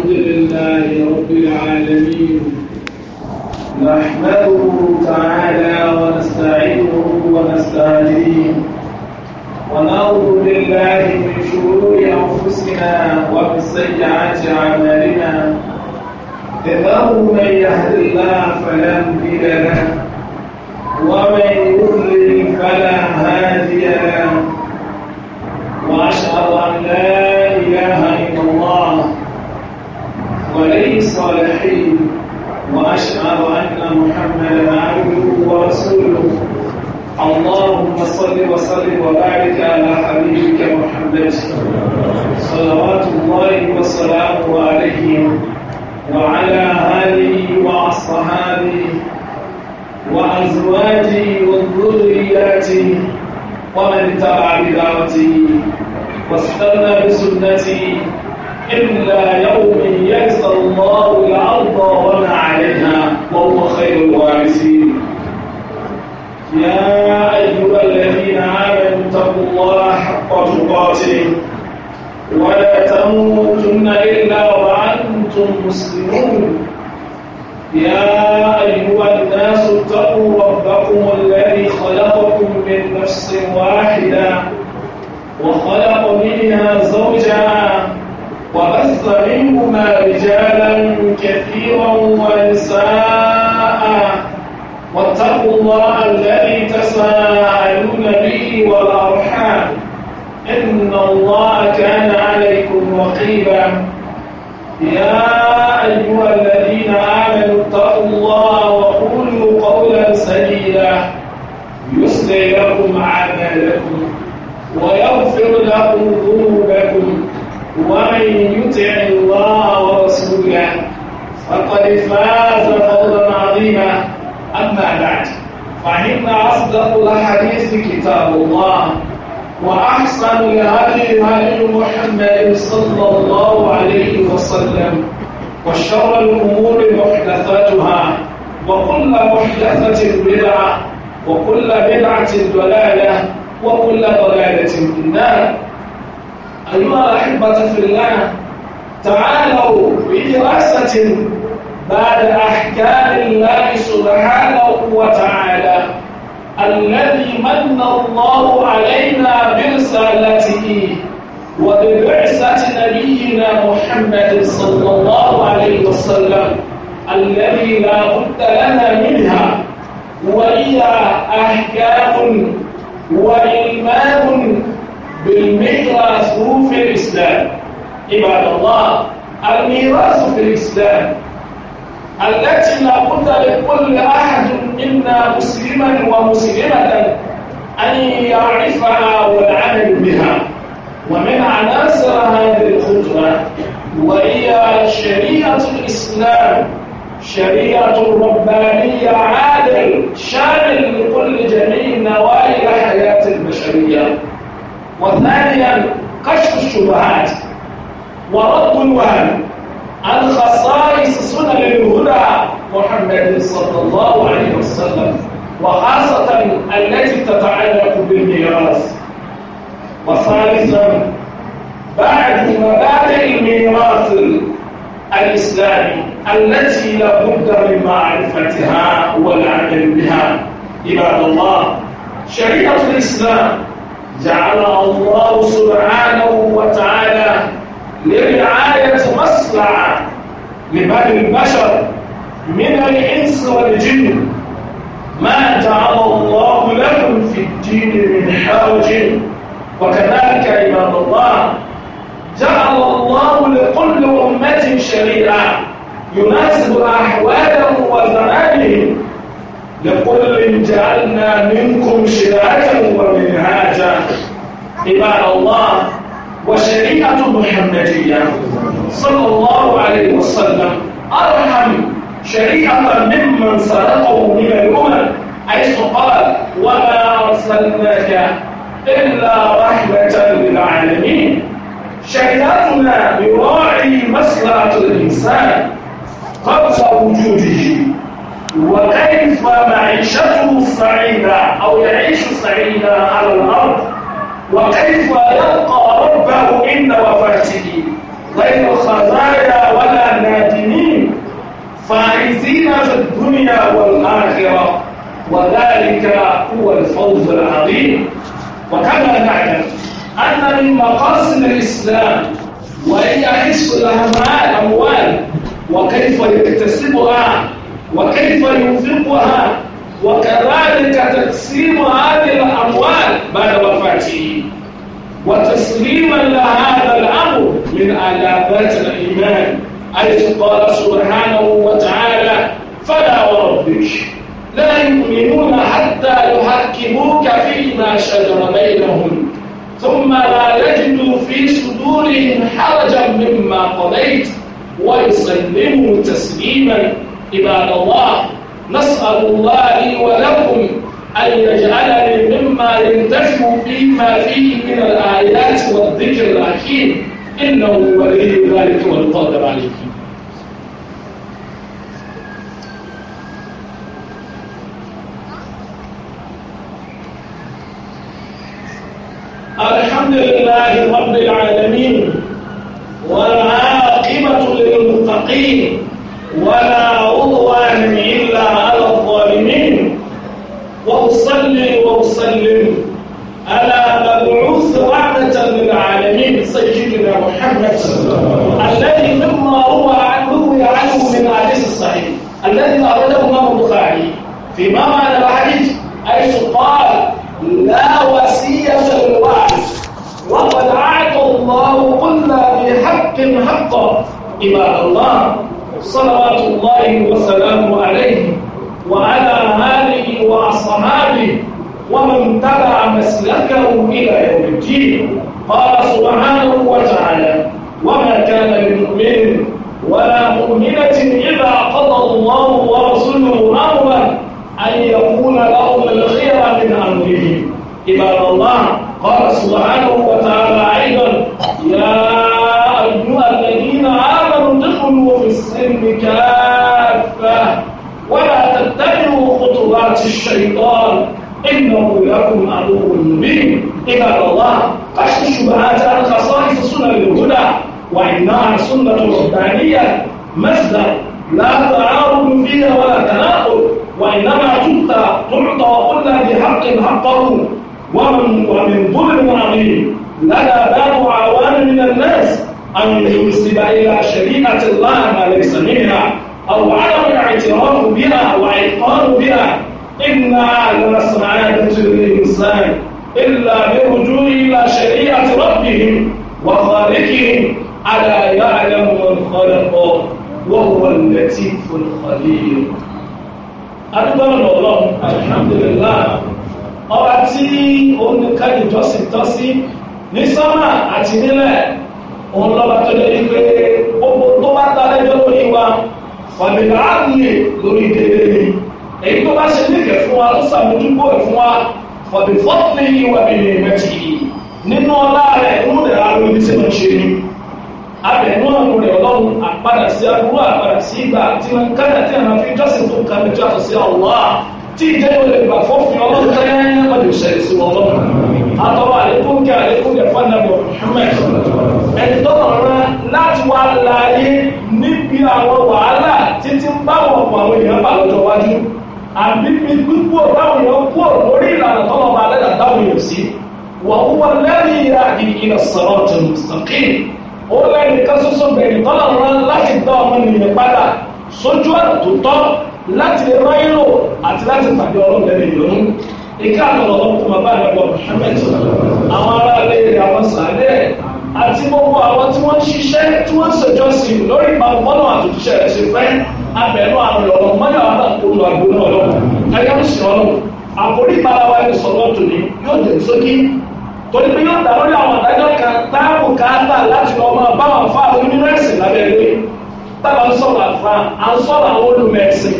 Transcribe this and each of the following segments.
الحمد لله رب العالمين نحمده تعالى ونستعينه ونستهديه ونعوذ بالله من شرور انفسنا ومن سيئات اعمالنا انه من يهد الله فلا مضل له ومن يضلل فلا هادي له واشهد ان لا الصالحين وأشهد أن محمدا عبده ورسوله اللهم صل وسلم وبارك على حبيبك محمد صلوات الله وسلامه عليه وعلى آله وأصحابه وأزواجه وذرياته ومن تبع بدعوته واستنى بسنته إلا يوم يأس الله الأرض وما عليها وهو خير الوارثين يا أيها الذين آمنوا اتقوا الله حق تقاته ولا تموتن إلا وأنتم مسلمون يا أيها الناس اتقوا ربكم الذي خلقكم من نفس واحدة وخلق منها زوجها منهن رجالا كثيرا ونساء واتقوا الله الذي تساءلون به والأرحام إن الله كان عليكم رقيبا يا أيها الذين آمنوا اتقوا الله وقولوا قولا سديدا يصلي لكم أعمالكم ويغفر لكم فقد فاز فوزا عظيما أما بعد فإن أصدق الحديث كتاب الله وأحسن الهدي هدي محمد صلى الله عليه وسلم وشر الأمور محدثاتها وكل محدثة بدعة وكل بدعة ضلالة وكل ضلالة في النار أيها الأحبة في الله تعالوا بدراسة بعد أحكام الله سبحانه وتعالى الذي من الله علينا برسالته وببعثة نبينا محمد صلى الله عليه وسلم الذي لا بد لنا منها وهي أحكام وإلمام بالميراث في الإسلام عباد الله الميراث في الإسلام التي لا بد لكل أحد منا مسلما ومسلمة أن يعرفها والعمل بها ومن عناصر هذه الخطبة وهي شريعة الإسلام شريعة ربانية عادل شامل لكل جميع نواحي الحياة البشرية وثانيا كشف الشبهات ورد الوهم الخصائص سنن الهدى محمد صلى الله عليه وسلم وخاصة التي تتعلق بالميراث وثالثا بعد مبادئ الميراث الإسلامي التي لا بد من معرفتها والعمل بها عباد الله شريعة الإسلام جعلها الله سبحانه وتعالى لرعاية أصلع لبني البشر من الإنس والجن ما جعل الله لكم في الدين من حرج وكذلك عباد الله جعل الله لكل أمة شريعة يناسب أحوالهم وزمانهم لكل جعلنا منكم شرعة ومنهاجا عباد الله وشريعة محمدية صلى الله عليه وسلم أرحم شريعة ممن سرقه من الأمم حيث قال وما أرسلناك إلا رحمة للعالمين شريعتنا يراعي مصلحة الإنسان قبل وجوده وكيف معيشته سعيدة أو يعيش سعيدا على الأرض وكيف يلقى ربه عند وفاته غير خزايا ولا نادمين فائزين في الدنيا والآخرة وذلك هو الفوز العظيم وكما نعلم أن من مقاصد الإسلام وهي حفظ الأموال وكيف يكتسبها وكيف ينفقها وكذلك تقسيم هذه الأموال بعد وفاته وتسليما لهذا الأمر من علامات الإيمان حيث قال سبحانه وتعالى فلا وربك لا يؤمنون حتى يحكموك فيما شجر بينهم ثم لا يجدوا في صدورهم حرجا مما قضيت ويسلموا تسليما عباد الله نسأل الله لي ولكم أن يجعلني مما ينتشر فيما فيه من الآيات والذكر الحكيم إنه ولي ذلك والقادر عليه الحمد لله رب العالمين والعاقبة للمتقين ولا عضوان إلا على الظالمين وأصلي وأسلم ألا مبعوث رحمة للعالمين سيدنا محمد الذي مما روى عنه عنه من حديث الصحيح الذي أورده الإمام البخاري فيما معنى الحديث حيث قال لا وسيلة للوعد وقد عاد الله كل ذي حق حقه عباد الله صلوات الله وسلامه عليه وعلى آله وأصحابه ومن تبع مسلكه إلى يوم الدين قال سبحانه وتعالى وما كان لمؤمن ولا مؤمنة إذا قضى الله ورسوله أمرا أن يكون لهم الخير من أمره عباد الله قال سبحانه وتعالى أيضا الشيطان إنه لكم عدو مبين عباد الله كشف الشبهات عن خصائص سنن الهدى وإنها سنة ربانية مصدر لا تعارض فيها ولا تناقض وإنما تعطى تعطى كل بحق حقه ومن ومن ظلم عظيم لنا باب عوان من الناس أن ينسب إلى شريعة الله ما ليس منها أو عدم الاعتراف بها وإتقان بها إنا لنصنع للإنسان إلا برجوع إلى شريعة ربهم وخالقهم ألا يعلم من خلق وهو اللطيف الخبير adúgbọ́nà lọ́lọ́run alhamdulillah ọba tí òun nìkan ìjọsìn tọ́ sí ní sọ́mà àti nílẹ̀ òun lọ́ba tó lé wípé gbogbo tó bá ta lẹ́jọ́ lórí wa wàlẹ̀ láàrin lórí déédéé èyí tó bá ṣe nígbè fún wa ló sàmójúgbò ẹ̀ fún wa wàbí fọ́tìlì yìí wàbí lè mẹ́tì yìí nínú ọlá rẹ̀ inú rẹ̀ aró ibi tí wọ́n ṣe ni abẹ̀nú àwọn rẹ̀ ọlọ́run àpadà sí aburú àpadà sí ìgbà tí wọ́n kájà tí àwọn fi jọ́sìn tó kan lè jọ́sìn sí Allah tí ìjẹ́wò lè gbà fọ́fin ọlọ́run tẹ́lẹ̀ wọ́n lè ṣẹlẹ̀ sí wọn lọ́run àtọ́wọ́ àlékún kí àlékún lè fọ́n nàbọ̀ Muhammad ẹni tọ́nà rán láti wá láàyè níbi àwọn wàhálà títí báwọn àbí fi gbígbó táwọn èèyàn kú lórí ìlànà tọ́lọ̀ ọba alẹ́dà táwọn èèyàn sí wà ó wà lẹ́yìn ìyá àdìgí lọ sọ̀rọ̀ tó ń sọ̀kì ó lẹ́yìn ká soso bẹ̀rẹ̀ tọ́lọ̀ wọn láti dá ọmọ nìyẹn padà sójú àrà tó tọ́ láti lè rọ́ ìrò àti láti pàdé ọlọ́ọ̀lẹ́rẹ̀ lóhùn ìka àtọ̀rọ̀ ọkùnrin bàbá rẹ̀ wọ Muhammad àwọn ará ilé rẹ̀ àwọn sàlẹ̀ àti gbogbo àwọn tí wọ́n ṣiṣẹ́ tí wọ́n ṣèjọ́sìn lórí ìpamọ́ náà àtúnṣe rẹ̀ ṣe fẹ́ abẹnú àrùn lọ́wọ́ mọ́yà wà láti olú àgbo náà lọ́wọ́ ẹ̀yà ń sìn ọ́nù àforí ìpalawa ẹni sọ̀rọ̀ tòní yóò tẹ̀ sókè torí pé yóò dá lórí àwọn àdájọ́ kan táàbù káàtà láti lọ máa bá wọn fáwọn onínú ẹ̀sìn lábẹ́ ilé tábà ń sọ̀rọ̀ àfa à ń sọ̀rọ̀ àwọn olùmẹ̀sìn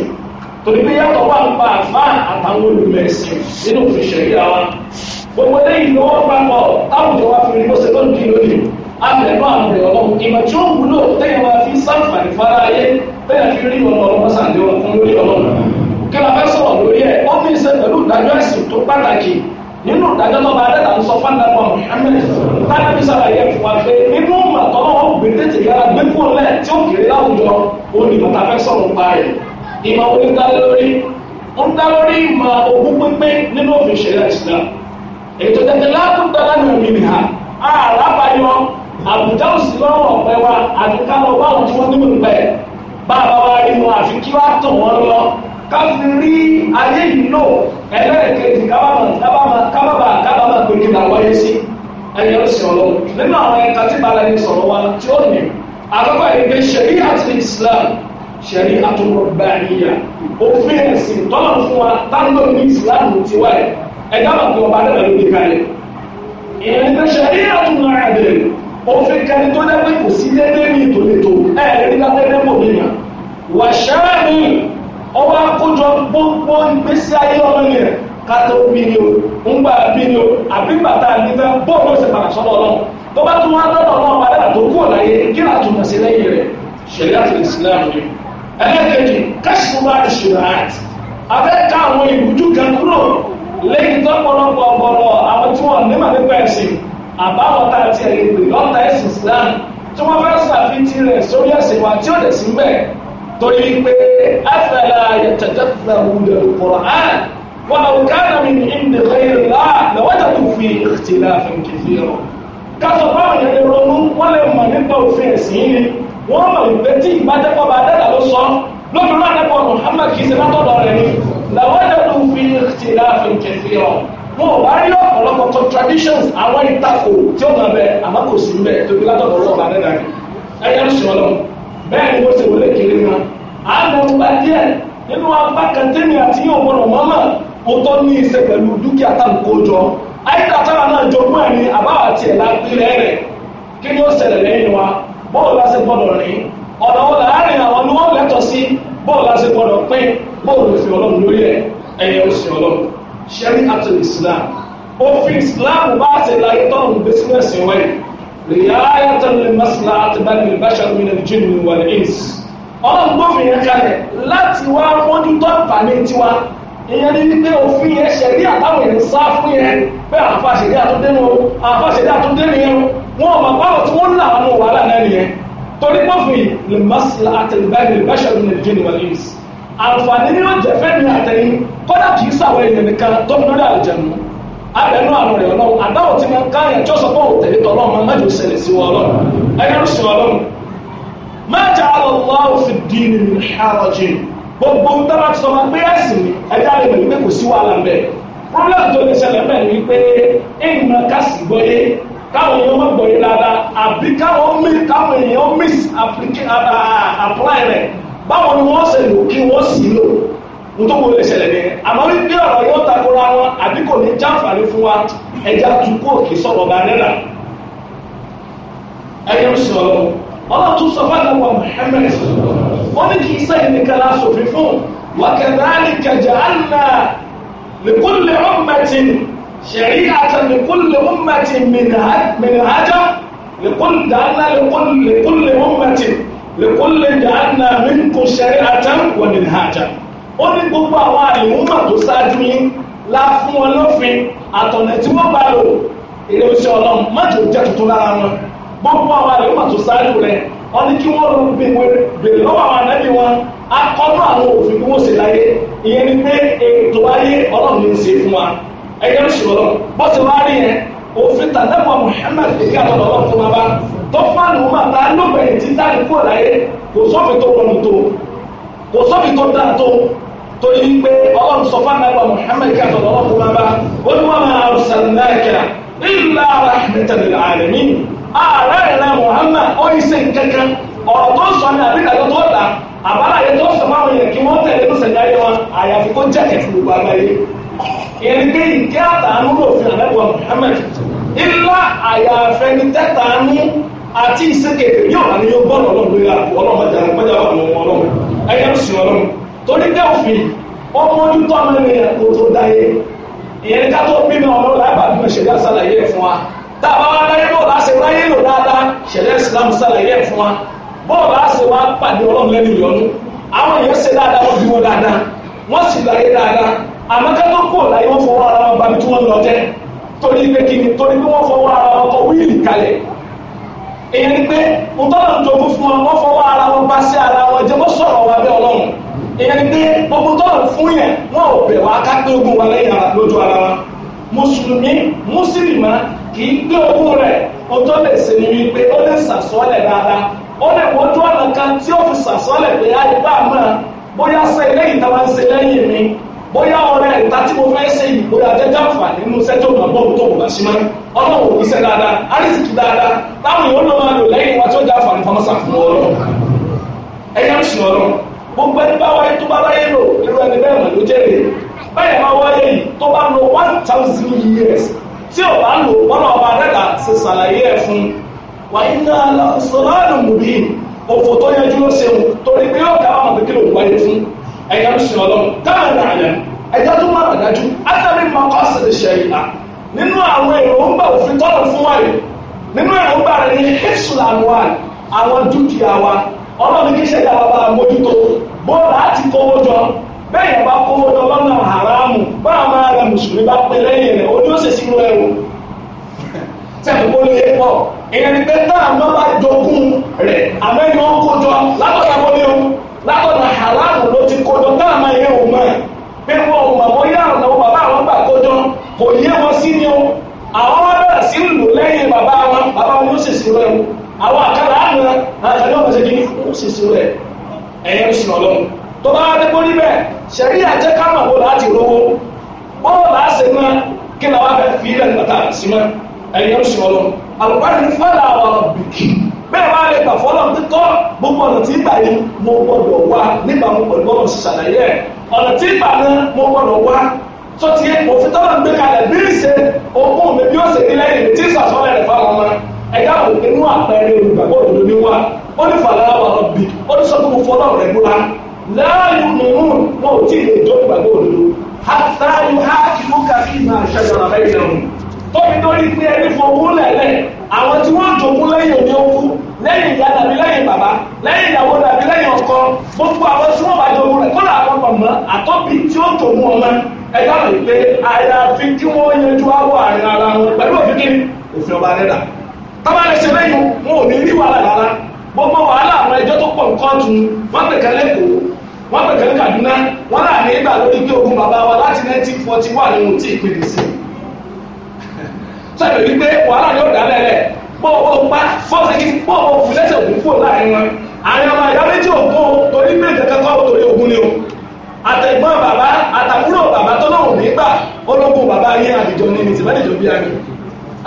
torí pé yàtọ̀ wà ń pa àfa àtàwọn olùmẹ̀sìn nínú òfin ṣẹ̀ríà wa gbogbo eléyìí ni wọ́n papọ̀ táwùjọ wa fi rí bó ṣe ló ń dín lónìí àbẹ̀rẹ̀nú àwọn ọ̀rẹ́ ọlọ́run ìmọ̀ tí ó wúlò tẹ́yìn wa fi sáǹfààní fara ayé bẹ́ẹ̀ fi rí ọmọ ọlọ́mọ sàǹdé wọn fún lórí ọlọ́run kí la fẹ́ sọ̀rọ̀ lórí ẹ̀ ó fi ṣe pẹ̀lú ìdájọ́ ẹ̀sìn tó pàtàkì nínú ìdájọ́ tó bá dẹ́ta ń sọ fáńdàpọ̀ Muhammad tábìlì sàlàyé fún wa pé nínú màtọ́ náà wọ́n gbé tètè yára gbé fún ọlẹ́ tí ó kéré láwùjọ ó ní bàtà fẹ́ sọ̀rọ̀ pa ẹ̀ ìmọ̀ wo ń dá lórí ń dá lórí ìmọ̀ ogún pínpín nínú òfin ṣẹlẹ̀ ìsìlá ètò tẹ̀tẹ̀ látúntà lánàá àbùdá òsì lọ́rùn ọ̀pẹ wa àti ká lọ bá àwọn tí wọ́n nímọ̀ nípa ẹ̀ bá a bá wa rí wọn àfi kí wá tàn wọ́n lọ ká fi rí ayé yìí lò ẹlẹ́ẹ̀kejì kábàbà kábàbà gbèdé làwọn yé sí ẹ̀yẹ ọ̀sẹ̀ ọlọ́run nínú àwọn ẹ̀ka tí balẹ̀ ní sọ̀rọ̀ wa tí ó nì àkọ́kọ́ yìí pé ṣẹ̀rí àti Islam ṣẹ̀rí àtúnrọ̀gbà ìyà òfin ẹ̀sìn tọ́lọ̀ fún wa táńdọ̀ ní Islam ti wáyé ẹ̀dá bàbá ọba dẹ́gbẹ̀ẹ́ ló dé kalẹ̀ ìyẹn ní pé ṣẹ̀rí àtúnrọ̀gbà ìyà òfin kan tó dẹ́gbẹ́ kò sí lẹ́gbẹ́ mi tòlétò ẹ̀ẹ́dẹ́gbẹ́ lábẹ́gbẹ́ mọ̀ mi mà wà ṣáàmì ọwọ́ àkójọ gbogbo ìgbésí ayé ọmọ mi rẹ̀ kátó bí ni o ń gbà bí ni o àbí bàtà nígbà bóòlù ó sì padà sọ́dọ̀ ọlọ́run tó bá tún wá lọ́dọ̀ ọlọ́run padà tó kú ọ̀láyé kí là tún sí lẹ́yìn rẹ̀ ṣẹlẹ̀ àti ìsìlámù ni ẹlẹ́kẹ̀jì kásìmọ́ àṣùrà àti abẹ́ka àwọn ìrújú kan kúrò lẹ́yìn tó pọ̀lọpọ̀ ọ̀pọ̀lọ àwọn tí wọ́n nímọ̀ nípa ẹ̀sìn àbáwọ̀ta àti ẹ̀yìn pè lọ́ta ẹ̀sìn Islam tí wọ́n bá ṣàfihàn rẹ̀ sórí ẹ̀sìn wa tí ó lè sí mbẹ̀ torí pé afẹ́lá yẹtẹ̀tẹ̀tẹ̀ wùdẹ̀ Al-Qur'an wọn àwọn kánà mi ní ìdè kẹrìnlá lọ́wọ́dà tó fi ìtìlá fún kìfì rọ̀ káṣọ báwọn yẹn lè ronú wọn lè mọ̀ nípa òfin ẹ̀sìn ni wọn mọ̀ ìgbẹ́ tí ìbájẹ́pọ̀ bá dẹ́ta ló sọ lóbìnrin àdẹ́pọ̀ Muhammad kìí ṣe látọ̀dọ̀ rẹ̀ ni lọ́wọ́dà tó fi ìtìlá fún kìfì rọ̀ mo wá rí ọ̀pọ̀lọpọ̀ contradictions àwọn ìtakò tí ó máa bẹ àmọ́ kò sí bẹ́ẹ̀ tó fi látọ̀dọ̀ ọlọ́ọ̀bà nínú rẹ̀ ẹ̀yà ń sọ̀rọ̀ bẹ́ẹ̀ ni wọ́n ti wọlé kiri wọn. a lọ gba díẹ̀ nínú apá kan tẹ́mi àti yóò gbọ́dọ̀ mọ́mọ́ o tọ́ ní í ṣe pẹ̀lú dúkìá tá n kó jọ àyíká tára náà jogún ẹ̀ ní àbáwá tiẹ̀ lápẹ́lẹ́ rẹ̀ kí ni ó ṣẹlẹ̀ lẹ́yìn wa bọ́ọ̀lù la ṣe gbọ́dọ̀ rìn ọ̀nà wọn láàrin àwọn ni wọ́n lẹ́tọ̀ọ́ sí bọ́ọ̀lù la ṣe gbọ́dọ̀ pín bọ́ọ̀lù fi ọlọ́run lórí ẹ̀ ẹ̀yẹ ó ọlọ́run ṣẹ́rí àti islam òfin islam bá ṣe láyé tó ń gbé sílẹ̀ sí wẹ̀ rìáyàtọ̀ lè masìlá àti bàbí bàṣà nínú jíìnì wà ní ìs ọlọ́run gbófin yẹn kalẹ̀ láti wá mójútó àǹfààní tiwa ìyẹn ní wípé òfin yẹn ṣẹ̀rí àtàwọn èèyàn sá fún yẹn pé àfa ṣẹ̀rí àtúndénu àfa ṣẹ̀rí àtúndénu yẹn wọn ọmọ báwọ̀ tí wọ́n ń là wọn wàhálà náà nìyẹn torí gbófin lè masìlá àti bàbí bàṣà nínú jíìnì wà ní àǹfààní ní ọ̀jẹ̀ fẹ́mi àtẹ̀yìn kọ́dà kì í sàwọn èèyàn nìkan tó fi lórí àlùjẹ̀nu abẹ́nú àrùn rẹ̀ ọlọ́run àdáwọ̀ tí wọ́n káyàn tí ó sọ pé òun tẹ̀lé tọ́lọ́ ọmọ mẹ́jọ ṣẹlẹ̀ sí wọn ọlọ́run ẹgbẹ́rún sí wọn ọlọ́run mẹ́jà alọ́láwọ̀ fi dín ní àrọ̀jì gbogbo ń dára ti sọ ma pé ẹ̀sìn ni ẹja rẹ̀ wípé kò sí wàhálà ń bẹ̀ problem tó lè ṣẹlẹ̀ bẹ́ẹ̀ ni wípé ìnà kásì gbọ́yé káwọn èèyàn má gbọ́yé dáadáa àbí káwọn èèyàn miss uh, apply rẹ̀ báwo ni wọ́n ṣe lò kí wọ́n sì lò nítorí wọ́n lè ṣẹlẹ̀ ní àmọ́ wípé ọ̀rọ̀ yóò takora wọn àbí kò ní jáǹfààní fún wa ẹja tún kó kì í sọ̀rọ̀ bá nílà ẹyẹ ń sọ lọ ọlọ́run tún sọ fún àwọn Muhammad wọ́n ní kì í sẹ́yìn nìkan láṣòfin fún وكذلك جعلنا لكل أمة شريعة لكل أمة منهجا لكل جعلنا لكل لكل أمة lèkólè jàánà na ṣẹ̀rí àtàǹkù ọ̀nìyànjà ó ní gbogbo àwọn tó wọn lófin àtọ̀nà tí wọ́n bá lò èrè oṣù ọlọ́run mọ́tò jẹ́ tuntun lára wọn gbogbo àwọn àìmúmọ̀ tó ṣáájú rẹ̀ wọ́n ní kí wọ́n lọ bèrè lọ́wọ́ àwọn ànábì wọn akọ́nú àwọn òfin bí wọ́n ṣe láyé ìyẹn ni pé ètò ayé ọlọ́run ń ṣe fún wa ẹgbẹ́ tó fáànù máa ta lóbẹ̀rẹ̀ tí dáre kúrò láyé kò sọ́fì tó rọrùn tó kò sọ́fì tó dá tó torí pé ọlọ́run sọ fáànù àgbà Muhammad kí àtọ̀tọ̀ ọlọ́run máa bá ó ní wọ́n máa arsalnaka illa rahmatan lil alamin ààrẹ ìlà Muhammad ó yí sí kankan ọ̀rọ̀ tó sọ ní àbíkàtọ̀ tó dà àbára yẹn tó kí àtàánú lòfin àlẹ́ wa Muhammad illa àyàfẹ́ni tẹ́tàánú àti ìsẹ́kẹ̀ẹ́ yóò wà ní yóò bọ́ọ̀lù ọlọ́run lórí àpò ọlọ́run ọjà àpẹjà wà ní ọlọ́run ẹgbẹ́ ń sìn ọlọ́run torí pé òfin ọmọ ojú tó àwọn ènìyàn kò tó dáyé ìyẹn ká tó bímọ ọlọ́run láìpẹ́ àbí ìṣẹ̀dá sàlàyé ẹ̀ fún wa tá a bá wá dáyé bó láṣẹ ráyé lò dáadáa ṣẹ̀dá Islam sàlàyé ẹ̀ fún wa bó láṣẹ wá pàdé ọlọ́run lẹ́nu ìyọnu àwọn èèyàn ṣe dáadáa wọ́n bí wọn dáadáa wọ́n èyí ni pé ntọ́nà jogún fún wọn wọ́n fọwọ́ ara wọn bá sí ara wọn jẹ́ wọ́n sọ̀rọ̀ wọn abẹ́ ọlọ́run èyí ni pé ogun tọ́nà fún yẹn wọn ò bẹ̀ wá ká pé ogun wa lẹ́yìn ara lójú ara wa mùsùlùmí mùsùlùmá kì í gbé ogun rẹ̀ o tó lè ṣe ni wípé ó lè sàsọ́lẹ̀ dáadáa ó lè wojú ọ̀nà kan tí ó fi sàsọ́lẹ̀ pé àyè bá a mọ̀ bóyá sẹ́yìn lẹ́yìn táwọn ṣe lẹ́yìn mi bóyá ọ̀rẹ́ ìta tí mo fẹ́ ṣe yìí bóyá jẹ́jẹ́ àǹfààní nínú sẹ́jọ́ náà bọ́ọ̀lù tó kò bá sí mọ́ ọlọ́run ò ní dáadáa àrísìkì dáadáa táwọn èèyàn náà máa lò lẹ́yìn wa tí ó jẹ́ àǹfààní fún ń sùn gbogbo ẹni bá wáyé tó bá láyé lò irú ẹni bẹ́ẹ̀ ló jẹ́rè bẹ́ẹ̀ máa wáyé yìí tó bá lo one thousand years tí ò bá lò wọ́n ẹ̀yà ń sìn ọlọ́run káàdà àlẹ́ ẹ̀já tó máa dájú átàrí mọ́kọ́sì lè ṣe ìlà nínú àwọn èròǹgbà òfin tọ́lọ̀ fún wa yìí nínú èròǹgbà rẹ̀ ní hẹ́sùlà wa àwọn dúkìá wa ọlọ́run kì í ṣe ìjàmbá bá mójútó bóòlù àti kówó jọ bẹ́ẹ̀ yẹn bá kówó jọ lọ́nà haramu bá a máa ra mùsùlùmí bá pé lẹ́yìn rẹ̀ ojú ó sì sínú ẹrù tẹ̀lé kó lè pọ̀ ìrìn pé táà náà bá jogún rẹ̀ àmẹ́yìn ó kó jọ látọ̀yàwó ni ó lábọ̀nà haramu ló ti kójọ táàmà yẹn ò mọ̀ pé wọn ò mọ̀ bóyá ọ̀nà bàbá àwọn gbà kójọ kò yé wọn sí ni o àwọn wọn bẹ̀rẹ̀ sí lò lẹ́yìn bàbá wọn bàbá wọn ó sì sí rẹ̀ àwọn àkàrà àná àtàlẹ́ ọ̀nà ṣe kí ó sì sí rẹ̀ ẹ̀yẹ́ ń sùn ọlọ́run tó bá wá dé bórí bẹ́ẹ̀ ṣẹ̀rí àjẹ́ kámọ̀ bó láti rówó bọ́ọ̀ bá ṣe mọ́ kí làwọn fẹ́ fi ilẹ̀ nígbàtà sí mọ́ ẹ̀yẹ́ ń sùn ọlọ́run àlùbáyé bẹ́ẹ̀ wá lè gbà fọ́lọ́ ní tọ́ gbogbo ọ̀nà tí ìgbà yìí mo gbọ́dọ̀ wá nígbà mo pẹ̀lú ọ̀nà ṣàlàyé ẹ̀ ọ̀nà tí ìgbà náà mo gbọ́dọ̀ wá tó ti yẹ òfin tọ́lọ̀ gbé kalẹ̀ bí ìṣe ogún mi bí ó ṣe ní lẹ́yìn tí ìṣàsọ́lẹ̀ rẹ̀ fáwọn ọmọ ẹ̀yà wò inú àpẹẹrẹ olùgbàgbọ́ òdodo ní wá ó ní fàlàlà wà lọ bì ó ní sọ́kùn fọlọ́ rẹ̀ múra láàyò nínú wọn ò tí ì lè jó ìgbàgbọ́ òdodo àtàyò á kìlú kàfí máa ṣàjọra bẹ́ẹ̀ lẹ́nu tóbi lórí pé ẹni fowó lẹ̀lẹ́ àwọn tí wọ́n jogún lẹ́yìn òní okú lẹ́yìn ìyá tàbí lẹ́yìn bàbá lẹ́yìn ìyàwó tàbí lẹ́yìn ọkọ gbogbo àwọn tí wọ́n bá rẹ̀ kọ́lá àwọn ọmọ àtọ́bí tí ó ọmọ ẹ̀dá rẹ̀ pé àyàfi kí wọ́n yanjú àwọ̀ ara wọn pẹ̀lú òfin kí òfin ọba rẹ̀ tọ́ba rẹ̀ ṣe lẹ́yìn wọn ò ní rí wàhálà rárá gbogbo wàhálà àwọn ẹjọ́ tó pọ̀ nǹkan wọ́n sọ̀rọ̀ wípé wàhálà yóò dá lẹ́lẹ̀ bọ́ọ̀bọ́ pa bọ́ọ̀sẹ̀ kí bọ́ọ̀bọ́ fún lẹ́sẹ̀ ògùn fún láàrin wọn àwọn ọmọ ìyá méjì ògùn torí pé ìkẹ́kẹ́ kọ́ torí ògùn ni o àtẹ̀gbọ́n bàbá àtàkùrò bàbá tó náà nígbà ológun bàbá yẹn àdìjọ ní ní tìmẹ́lìjọ bí ayé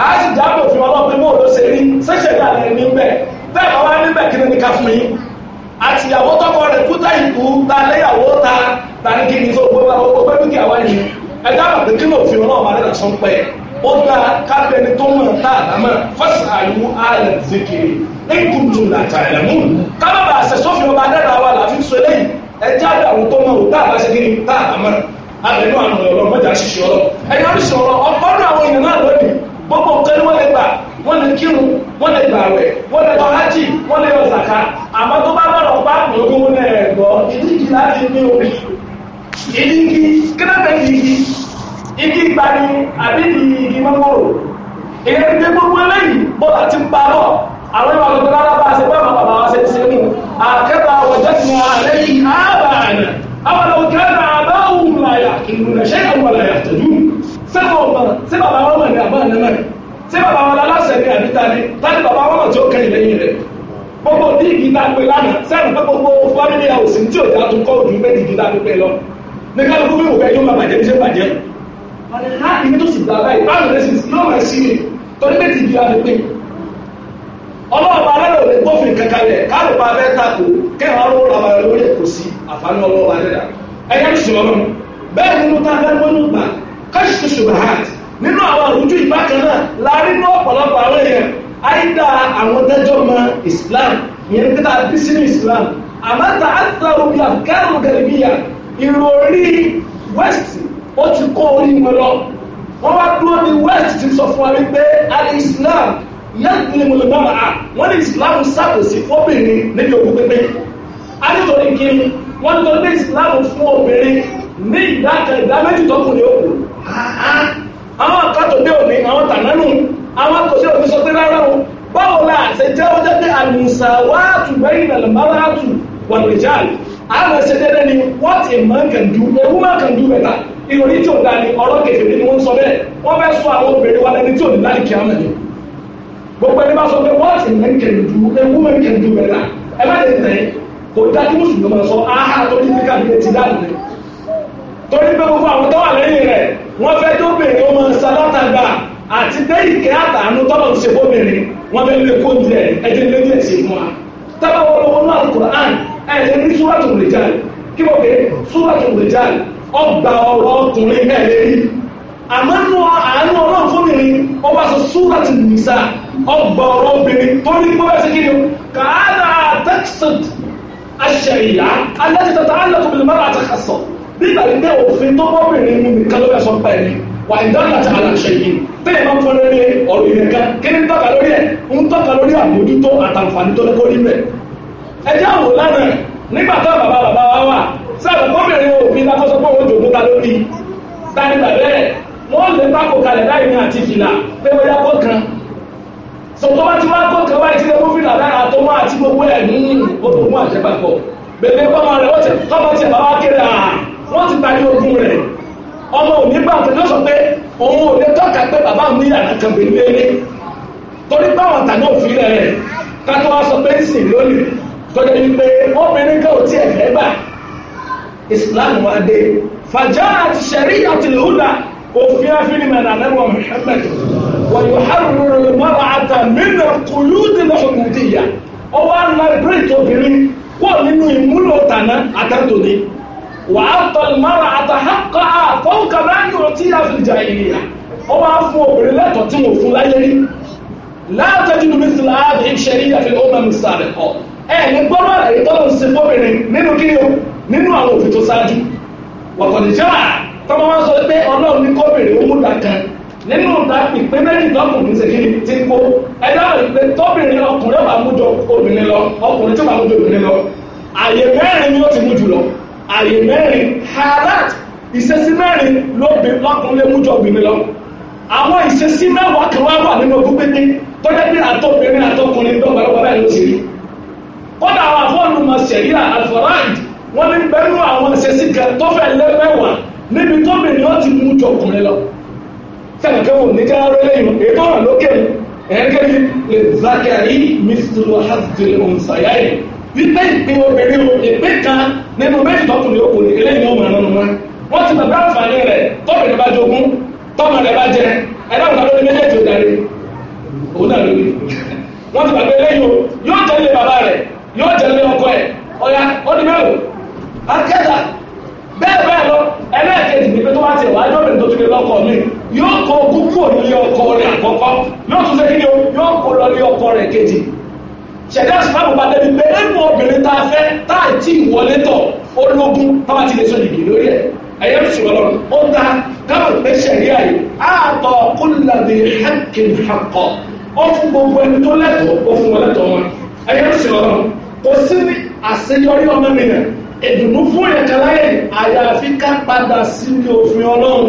a sì jábò fún ọlọ́pẹ́ mọ́ ló ṣe rí ṣẹ̀ṣẹ̀ dà ní níbẹ̀ bẹ́ẹ̀ bá wá níbẹ̀ kí ni ká fún yín àtìyàwó tọkọ rẹ̀ kúta ìlú ta lẹ́yàwó ta ta ní kí ni tó gbé dúkìá wá ní ẹ̀dá àbẹ̀kí lòfin ọlọ́ọ̀bá rẹ̀ sọ́n pẹ́ ó dá kábẹ́ni tó mọ̀ tá àlámọ̀ fọ́sàánú àlẹ́ mu ẹ̀kún tún làtà ẹ̀mú kábàbà àṣẹ sófin ọba dára wa làfi sọ eléyìí ẹjẹ́ àdá àwọn tó mọ̀ ò tá àbáṣe kiri tá àlámọ̀ abẹnú àwọn ọ̀rọ̀ mọ́jà ṣiṣẹ́ ọ̀rọ̀ ẹ̀yọ́ ń sọ̀rọ̀ ọ̀pọ̀lọpọ̀ àwọn èèyàn náà lónìí gbogbo nǹkan ni wọ́n lè gbà wọ́n lè kírun wọ́n lè gbàwẹ̀ wọ́n lè lọ hájì wọ́n lè yọ zàká àmọ́ tó bá bọ̀rọ̀ pa àpòlógún wọn lè gbọ́ ìdíjì láti ní omi ìdíjì kíláàbẹ̀ yìí igi ìgbani àbí igi mọ́ngòrò ìyẹn ti gbogbo eléyìí bọ́lá ti ń parọ́ àwọn ìwà gbogbo rárá bá a ṣe bá bàbá wa ṣe ṣe mú àkẹta ọjọ́ ti wọn àlẹ́ yìí ààbà àyà àwọn ọmọ kẹta àbá òun àyà ìlú rẹ̀ ṣé àwọn ọ̀la yà tẹ̀lú sẹ́kọ̀ ọmọ sí bàbá wọn mọ̀ ní àbá àná mọ̀ sí bàbá wọn aláṣẹ ní àbíta ní láti bàbá wọn tí ó kẹ́yìn lẹ́yìn rẹ̀ gbogbo ní ìdí tá lánàá sẹ́nu pé gbogbo wọ́n ní ha ìbí tó sì gbà báyìí báwo lè sì yóò rẹ̀ sí mi torí pé tìjú àmì pé ọlọ́ọ̀bà alẹ́rẹ̀ ò lè gbófin kankan rẹ̀ káàlùpà bẹ́ẹ̀ tako kẹ́hìn ọlọ́wọ́ làwọn ẹ̀rọ lórí kò sí àfààní ọlọ́ọ̀bà alẹ́rẹ̀ ẹ̀yẹ́ ló sì ọlọ́run bẹ́ẹ̀ nínú tá a fẹ́ mọ́nú gbà káṣíṣe ṣùgbọ́n nínú àwọn àrùjù ìbákan náà láàrin náà ọ̀pọ̀lọpọ̀ àwọn èèyàn àìdá àwọn dájọ́ mọ Islam ìyẹn títà bí sínú Islam àmọ́ tààtà omi àfikẹ́rù gẹ̀rẹ́bíyà ìròrí west ó ti kó orí wọn lọ wọ́n wá dúró ní west ti sọ fún wa wípé al-islam yẹ́nìí mo lè bá màá wọ́n ní islam ṣàkóso obìnrin níbi òkú pépé adétorí kí wọ́n tó ní islam fún obìnrin ní ìdáka ìdá méjì tọkùnrin òkú àwọn àkàtò dé òní àwọn tànánù àwọn àkọsí òní sọ pé rárá o báwo la ṣe jẹ́ ó jẹ́ pé al-musawatu bayna al-mar'ati wal-rijal àwọn ṣe dédé ni what a man can do a woman can do better ìròyìn tí ò dá ní ọ̀rọ̀ kẹfẹ́ nínú wọn sọ bẹ́ẹ̀ wọ́n fẹ́ sọ àwọn obìnrin wa lẹ́ni tí ò ní láti kí àmì ni gbogbo ẹni bá sọ pé wọ́n ti mẹ́ kẹ̀lú ewu mẹ́ kẹ̀lú rẹ̀ la ẹ má lè tẹ̀ kò dá kí mùsùlùmí máa sọ aha tó ní kíkà ní etí dáàbò rẹ̀ torí pé gbogbo àwọn tó wà lẹ́yìn rẹ̀ wọ́n fẹ́ tó bèrè ọmọ sàlátà gbà àti dé ìkẹ́ àtàánú tọ́lọ̀ ti ṣe fóbìnrin wọ́n fẹ́ lé kó jẹ ẹjẹ́ lé ní ẹ̀sìn fún wa tábà wọ́n lọ́wọ́ náà kùrán ẹ̀jẹ̀ ní súràtù rìjáàlì kí wọ́n ọgbà ọ̀rọ̀ ọkùnrin náà lérí àmánú àánú ọlọ́run fúnmìnrin ó bá sọ súrà ti nìsà ọgbà ọ̀rọ̀ obìnrin tó ní pọ́ bẹ́ẹ̀ sí kí ni kàádà texted aṣẹ̀yà alẹ́sítẹ̀tà alẹ́kùnrin mara àtàkàsọ̀ nígbà ilé òfin tó bọ́bìnrin mú nìkan ló bẹ́ẹ̀ sọ pa ẹni wà ìdáhùn àti àlàṣẹ yìí bẹ́ẹ̀ máa ń fọ́ lórí ọ̀rọ̀ ìrẹ̀kan kí ní tọ́ka lórí ẹ̀ ń tọ́ka lórí àmójútó àtàǹfààní tó lẹ́kọ́ níbẹ̀ ẹjẹ́ àwòrán rẹ̀ nígbà tó bàbá bàbá wa wà sáàbù gómìnà òbí látọ́ sọ pé òun jòkó ta lórí tani bàbẹ́ wọ́n lè bá kò kalẹ̀ láì ní àti fìlà pé ó yá kọ̀ọ̀kan sọ̀tọ́ bá ti wá kọ̀ọ̀kan wáyé tí lẹ́kọ́ fìlà lára tó wá àti gbogbo ẹ̀ ní ogun àjẹpàpọ̀ bèbè pọ́mọ rẹ̀ wọ́n ti kọ́mọ ti bàbá kéré à wọ́n ti parí ogun rẹ̀ ọmọ òní gbà tó lọ́sọ̀ pé òun ò lè tọ́ka pé bàbá mi yàrá kan pè ní eré torí báwọn tàná òfin rẹ̀ kátó wá sọ pé ń sìn lónìí tọ́jú pé obìnrin kan ò tí ẹ̀ fẹ́ gbà islam wa dé fàjà àti sẹ̀rí àti lùdà òfin afínimẹ̀nà anábọ̀ muhammed wàyò harúurú mọ́ra àtà mínà kùlùdì lọ́kùnrùdìyà ọwọ́ alábírèt obìnrin kó nínú ìmúlò tànà àtàtòní wà á tọ́ mọ́ra àtà hákà àfọ́nkà láyé ọtí àfìjà ìlìyà ọwọ́ afún obìnrin lẹ́tọ̀ọ́ tí mo fún láyé rí látọ́jú ní mísìlá àbí ìṣẹ̀rí àfi ọmọ mi sàrẹ̀ kọ́ ẹ̀ ní gbọ́dọ̀ àlàyé tọ́lọ̀ sí fóbìnrin nínú kíni o nínú àwọn òfin tó ṣáájú wọ̀kọ̀dìjọ́ra tọ́mọ wá sọ pé ọlọ́run ní kọ́bìnrin ó mú dàkà nínú ìgbà ìpín méjì lọ́kùnrin ṣe kí ni ti kó ẹjọ́ àwọn ìpín tọ́bìnrin ọkùnrin ó bá mú jọ obìnrin lọ ọkùnrin tí ó bá mú jọ obìnrin lọ àyè mẹ́rin ni ó ti mú jù lọ àyè mẹ́rin harat ìṣesí mẹ́rin lọ́kùnrin lè mú jọ obìnrin lọ àwọn ìṣesí mẹ́wàá kan wá wà nínú ogún pété tó jẹ́ pé àtọ́bìnrin àtọkùnrin báyìí ló ṣe kódà àwọn àfọ́nù mọ̀ ṣẹ̀ríà wọ́n ní bẹ́ẹ̀nu àwọn ìṣesí kan tó fẹ́ lẹ́mẹ̀wà níbi tó bẹ̀ ni wọ́n ti mú jọ ọkùnrin lọ sẹ́nìkan ò ní kẹ́rẹ́ lẹ́yìn ètò ọ̀rọ̀ lókè ẹ̀ẹ́gẹ́gẹ́ lè zákẹ́rì mr hasdil onsayayi wípé ìpín obìnrin o ìpín kan nínú méjì tọkùnrin ọkùnrin eléyìí ọmọ ẹ̀rọ nùmọ́ wọ́n ti bàbá àǹfààní rẹ̀ tọ́bìnrin bá jogún tọ́mọ rẹ̀ bá jẹ ẹ̀dáwọ̀n lórí méjèèjì òdarí òun náà lórí wọ́n ti bàbá eléyìí o yóò jẹ́ ilé bàbá rẹ̀ yóò jẹ́ ilé ọkọ ẹ̀ ọ̀ya ó ní mẹ́rù akẹ́dà bẹ́ẹ̀ bẹ́ẹ̀ lọ ẹlẹ́ẹ̀kejì ní pé tó bá ti wà lóbìnrin tó tilẹ̀ lọ́kọ mi yóò kọ kúkú ònílé ọkọ rẹ̀ àkọ́kọ́ yóò tún ṣe kíni o yóò kọ lọlé ọkọ rẹ̀ kejì ṣẹ̀dá sùpàmù bá débi pé ẹnu obìnrin tá a fẹ́ tá a ti wọlé tọ̀ ológun táwa ti lè sọ yìí lórí ẹ̀ ẹ̀yẹ́ ń sùn lọ́rùn ó ta káwọn pé ṣẹ̀rí àyè àtọ̀ kúlàbí hàkìn hàkọ̀ ó fún gbogbo ẹni tó lẹ́tọ̀ọ́ ó fún wọn lẹ́tọ̀ọ́ wọn ẹ̀yẹ́ ń sùn lọ́rùn kò ìdùnnú fún ìyẹ̀kẹ́ àyàfi ká padà sí ní òfin ọlọ́run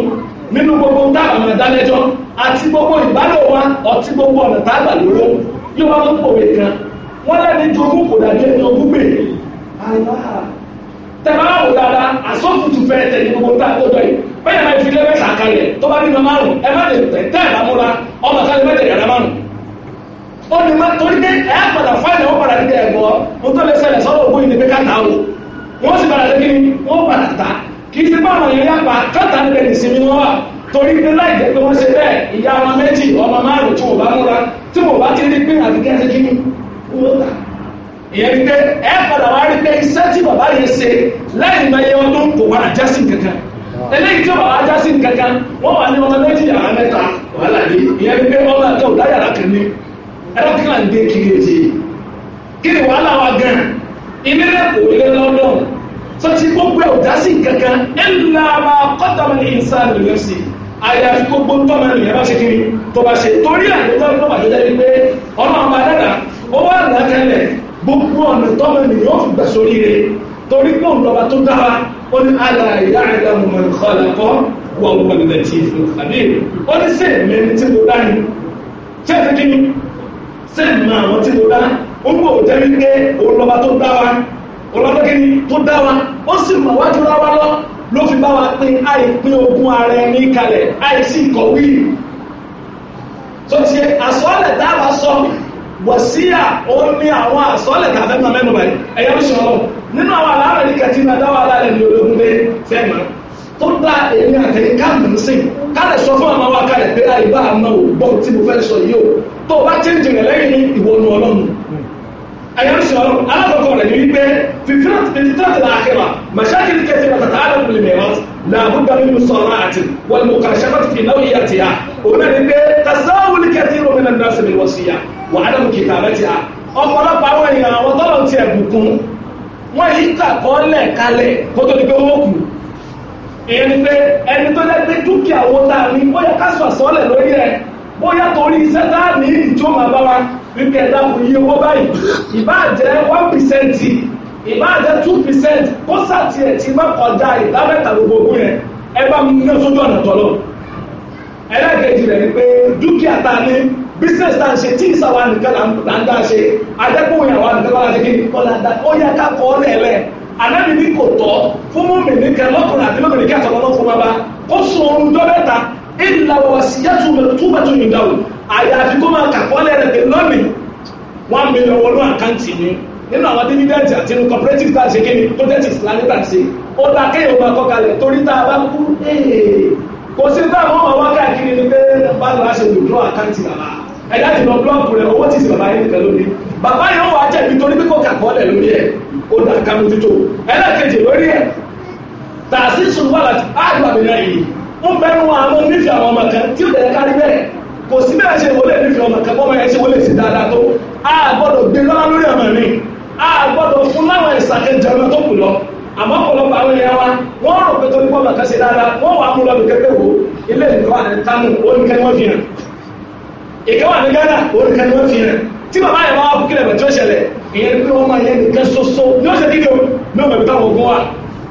nínú gbogbo tá àwọn àti gbogbo ìbálò wa ọtí gbogbo ọ̀nà tá lóró yóò wá mọ́tò òwe kan wọ́n lẹ́ni kò dàbí ẹni ogún gbè àwọn fẹ́ tẹ̀lé gbogbo tá a yìí bẹ́ẹ̀ náà ẹ má lè ọmọ sáré mẹ́tẹ̀ yàrá márùn ó ní má torí pé ẹ̀ padà fáìlì wọ́n sì padà lé kí wọ́n padà ta kì í sí báwọn èèyàn yàpá káta níbẹ̀ nìsinmi wọn wà torí pé láì jẹ́ pé wọ́n ṣe bẹ́ẹ̀ ìyá ọmọ méjì ọmọ márùn tí wọ́n bá múra tí wọ́n bá ti rí pé àdìgẹ́ ṣe kí wọ́n tà ìyẹn ni pé ẹ padà wá rí pé iṣẹ́ tí bàbá yẹn ṣe lẹ́yìn mẹ́yẹ ọdún kò wá àjásí kankan eléyìí tí wọ́n àjásí kankan wọ́n wà ní ọmọ méjì yàrá mẹ́ta wàhálà yìí ìyẹn ni pé ọmọ àjọ òdá yàrá kan ní ẹlọ́kìlá ń gbé kiri èjì kí ìmíràn kò lé lọ́dọ̀ tó ti gbogbo ẹ̀ ọ̀dá sí kankan ẹ̀ńlá máa kọ́tàmù ní ìsàn lóyún sí àyàfi gbogbo tọ́mọ nìyẹn bá ṣe kiri tó bá ṣe torí àyẹ̀tọ́ ló bàjẹ́ jáde pé ọ̀nà ọba dàda ó wà lákẹ́lẹ̀ gbogbo ọ̀nà tọ́mọ nìyẹn ó fi gbà sórí rẹ̀ torí pé òun lọ́ba tó dára ó ní aláìyá ẹ̀dá mọ̀mọ́ nǹkan làkọ́ wọ́n wọ́n lè ti fi àbí ó ní sẹ́ẹ̀mẹ́ni tí mo dá ni sẹ́ẹ̀mẹ́ni tí mo dá ni olúwa ò jẹ́ wípé òun lọ́ba tó dá wa ọlọ́ba kìíní tó dá wa ó sì mọ̀ wájú láwa lọ ló fi bá wa pín àìpín ogún ara ẹni kalẹ̀ àìsí ìkọ̀wé tó ti àsọ́lẹ̀ dábàá sọ wọ̀síyà ó ní àwọn àsọ́lẹ̀ tàbí mọ̀ mẹ́nu báyìí ẹ̀yà ń sọ̀rọ̀ nínú àwọn aláàrẹ̀ ní kẹtí ní adáwà aláàrẹ̀ ní ológun lé fẹ́mà tó dá èmi àtẹ̀yìn káàmù ń sìn kálẹ̀ sọ fún àwọn akáàlẹ̀ pé àìbá àmọ́ ò gbọ́ tí mo fẹ́ sọ yìí ó tó bá chẹ́ǹjì rẹ̀ lẹ́yìn ní ìwọ̀nù ọlọ́run أيام الشهر أنا بقول لك في في فترة الآخرة مشاكل كثيرة تتعلق بالميراث لابد من مصارعة والمقاشفة في نوعيتها هنا تساهل الكثير من الناس بالوصية وعدم كتابتها ọ̀pọ̀lọpọ̀ àwọn èèyàn àwọn ما ti ẹ̀bùkún wọ́n yí kàkọ́ọ́lẹ̀ kalẹ̀ kó tó di pé أو kù èèyàn ni pé ẹni bóyá torí iṣẹ́ tá a ní ìjọ máa bá wa wípé ẹ̀dá kò yí owó báyìí ìbáà jẹ́ one percent ìbáà jẹ́ two percent kó sàtì ẹ̀ ti má kọjá ìdá mẹ́ta gbogbo yẹn ẹ bá mi ní sójú ọ̀nà tọ́lọ́ ẹlẹ́gẹ̀ẹ́jì rẹ̀ ni pé dúkìá ta ní business tá a ṣe tí ìsàwọn nìkan là ń dá ṣe adẹ́kùnrin àwọn nìkan bá ṣe kí ni kọ́ láńdá ó yá ká kọ́ ọ́ lẹ́ẹ̀lẹ́ ànábì ní kò tọ́ fún mọ́mìnì kan lọ́kùnrin àti mọ́mìnì kan àtọ́kọ́ lọ́kùnrin bá kó sun oorun jọ́ mẹ́ta ìlà wàsíyàtú mẹtúbàtú nìdáwó àyàfi kó máa kàkọ́lẹ̀ rẹ̀ pé lọ́mì one million wọnú àkáǹtì mi nínú àwọn dividend àti inú cooperative tá a ṣe kíni tó tẹ́tì ìsìlámì tá a ṣe ó dá kéèyàn máa kọ́ torí tá a bá kú eh, kò sí táwọn ọmọ wá káàkiri ni pé bá lọ́ọ́ ṣe withdraw àkáǹtì bàbá ẹ̀dá ti lọ búlọ́ọ̀kù rẹ̀ owó ti sì bàbá yẹn nìkan lónìí bàbá yẹn wà á jẹ̀bi torí pé kò kàkọ́lẹ̀ lórí ẹ̀ ó dà kámútútó ẹlẹ́kejì lórí ẹ̀ tàṣí sùn wà láti áàdùn àbẹ̀lẹ́ yìí ń bẹnu àwọn onífẹ́ àwọn ọmọ kan tí ó tẹ̀lé kárí bẹ́ẹ̀ kò sí bẹ́ẹ̀ ṣe wọlé nífẹ̀ẹ́ ọmọ kan bọ́mọ ẹ̀ ṣe wọlé sí dáadáa tó a gbọ́dọ̀ gbé lọ́la lórí ọmọ mi a gbọ́dọ̀ fún láwọn ìsàkẹ́jọ ọmọ tó kù lọ àmọ́ ọ̀pọ̀lọpọ̀ àwọn èèyàn wa wọ́n rò pé torí bọ́ọ̀mù kan ṣe dáadáa wọ́n wà á mú lọ́dún kẹ́kẹ́ wo ilé ìkọ́ àtẹ̀tánù oníkẹ́ wọ́n fi hàn ìkẹ́ wà ní Ghana oníkẹ́ wọ́n fi hàn tí bàbá yẹn wá kílẹ̀ bẹ̀ tí ó ṣẹlẹ̀ ìyẹn pé wọ́n máa yẹ nìkan ṣoṣo ní ó ṣe kíkẹ́ ní ó mẹ̀bí táwọn ogun wa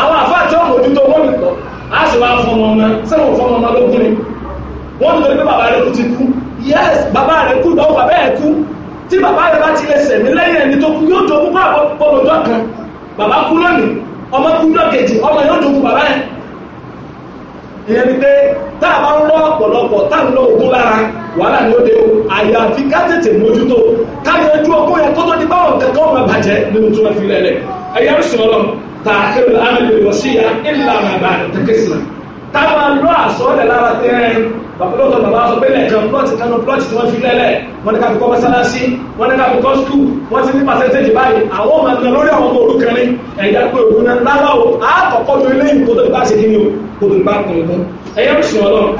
àwọn àfáà tí wọ́n mójú tó wọ́n nìkan á sì wá fún ọmọ ọmọ sẹ́wọ̀n fún ọmọ ọmọ lógún ni wọ́n nítorí pé bàbá rẹ̀ kú ti kú yes bàbá rẹ̀ kú ìdánwò bàbá ẹ̀ kú tí bàbá rẹ̀ bá ti lè sẹ̀mí lẹ́yìn ẹni tó kú yóò jogún bá bọ́lọ̀jọ́ kan bàbá kú lónìí ọmọ kú lọ́kejì ọmọ yóò jogún bàbá ẹ̀ ìyẹn ni pé tá a bá ń rọ ọ̀pọ̀lọpọ̀ tá a ń lọ ògún lára wàhálà ni ó dé o àyàfi ká tètè mójútó ká yanjú ogún yẹn kó tó di báwọn kankan ọmọ bàjẹ́ nínú tó wọn fi lẹ̀ lẹ̀ ẹ̀yà ń sọ̀rọ̀ tààkìrì àmìlì wọ̀síyà ìlà àgbà tẹkẹsìlá táwọn lọ àsọ̀ọ́lẹ̀ lára tẹ́rẹ̀ bàbúlọ́tọ̀ bàbá sọ pé lẹ́ẹ̀kan plọ́ọ̀tì kanú plọ́ọ̀tì tí wọ́n fi lẹ́lẹ̀ wọ́n ní ká fi kọ́ mọ́sálásí wọ́n ní ká fi kọ́ skul wọ́n ti ní pàṣẹ́tẹ́jì báyìí àwọn ọmọ ẹ̀nà lórí àwọn ọmọ olùkẹrin ẹ̀yà pé òun náà lára o àkọ́kọ́ tó ilé ìkó tó bá ṣe kí ni o kó tó bá kùn lọ ẹ̀yà ń sùn ọlọ́run